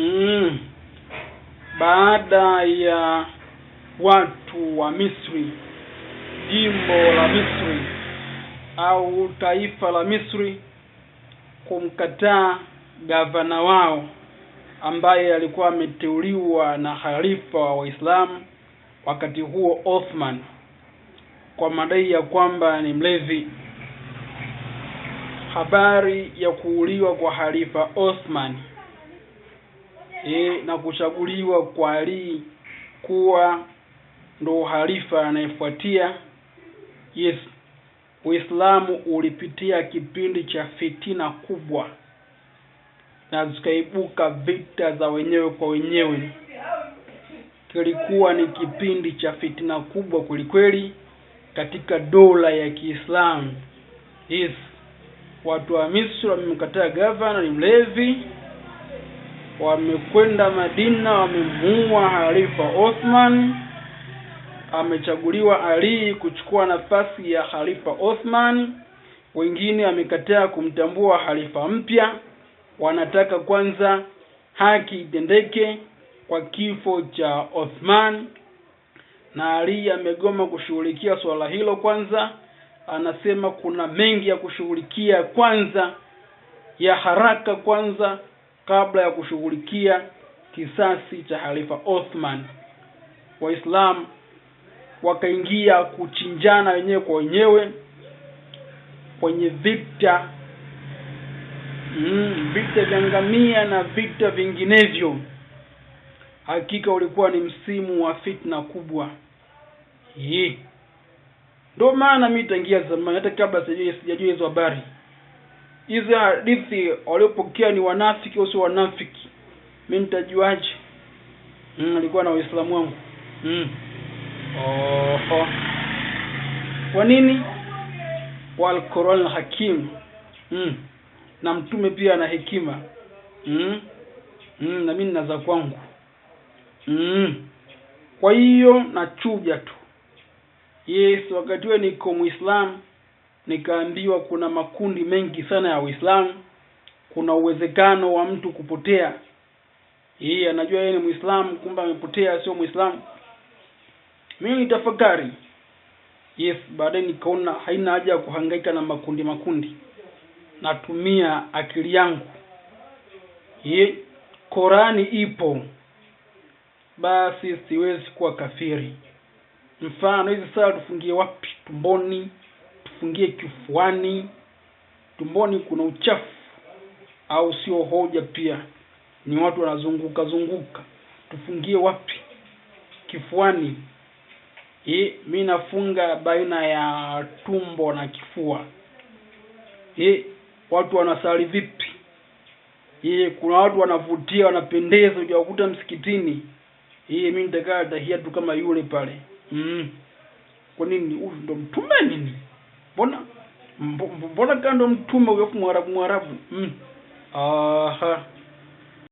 mm, baada ya watu wa Misri, jimbo la Misri au taifa la Misri kumkataa gavana wao ambaye alikuwa ameteuliwa na khalifa wa Waislamu wakati huo Othman, kwa madai ya kwamba ni mlevi. Habari ya kuuliwa kwa khalifa Othman e, na kuchaguliwa kwa Ali kuwa ndo halifa anayefuatia. Yes, Uislamu ulipitia kipindi cha fitina kubwa na zikaibuka vita za wenyewe kwa wenyewe. Kilikuwa ni kipindi cha fitina kubwa kwelikweli katika dola ya Kiislamu. Yes, watu wa Misri wamemkataa gavana ni mlevi wamekwenda Madina, wamemuua Khalifa Othman. Amechaguliwa Ali kuchukua nafasi ya Khalifa Othman. Wengine wamekataa kumtambua khalifa mpya, wanataka kwanza haki itendeke kwa kifo cha Othman, na Ali amegoma kushughulikia suala hilo kwanza. Anasema kuna mengi ya kushughulikia kwanza, ya haraka kwanza kabla ya kushughulikia kisasi cha Khalifa Othman. Waislamu wakaingia kuchinjana wenyewe kwa wenyewe kwenye vita mm, vita vya ngamia na vita vinginevyo. Hakika ulikuwa ni msimu wa fitna kubwa hii, ndio maana mimi tangia zamani, hata kabla sijajua hizo habari hizi hadithi waliopokea ni wanafiki au si wanafiki mi nitajuaje mm, alikuwa na waislamu wangu mm. Oho. kwa nini walquran hakim mm. na mtume pia ana hekima mm. Mm, na mi nina za kwangu mm. kwa hiyo nachuja tu yes wakati we niko muislamu nikaambiwa kuna makundi mengi sana ya Uislamu, kuna uwezekano wa mtu kupotea. Yeye anajua yeye ni Muislamu, kumbe amepotea, sio Muislamu. Mimi nitafakari, yes. Baadaye nikaona haina haja ya kuhangaika na makundi makundi, natumia akili yangu. Ye, Korani ipo, basi siwezi kuwa kafiri. Mfano hizi sala tufungie wapi? Tumboni? jifungie kifuani, tumboni kuna uchafu au sio hoja? Pia ni watu wanazunguka zunguka, tufungie wapi? Kifuani? E, mi nafunga baina ya tumbo na kifua. E, watu wanasali vipi? E, kuna watu wanavutia wanapendeza, ujawakuta msikitini. E, mi nitakaa tahia tu kama yule pale. Mm. Kwa nini? Huyu ndo mtume nini? mbona mbona kando mtume huyo mwarabu mwarabu mm. aha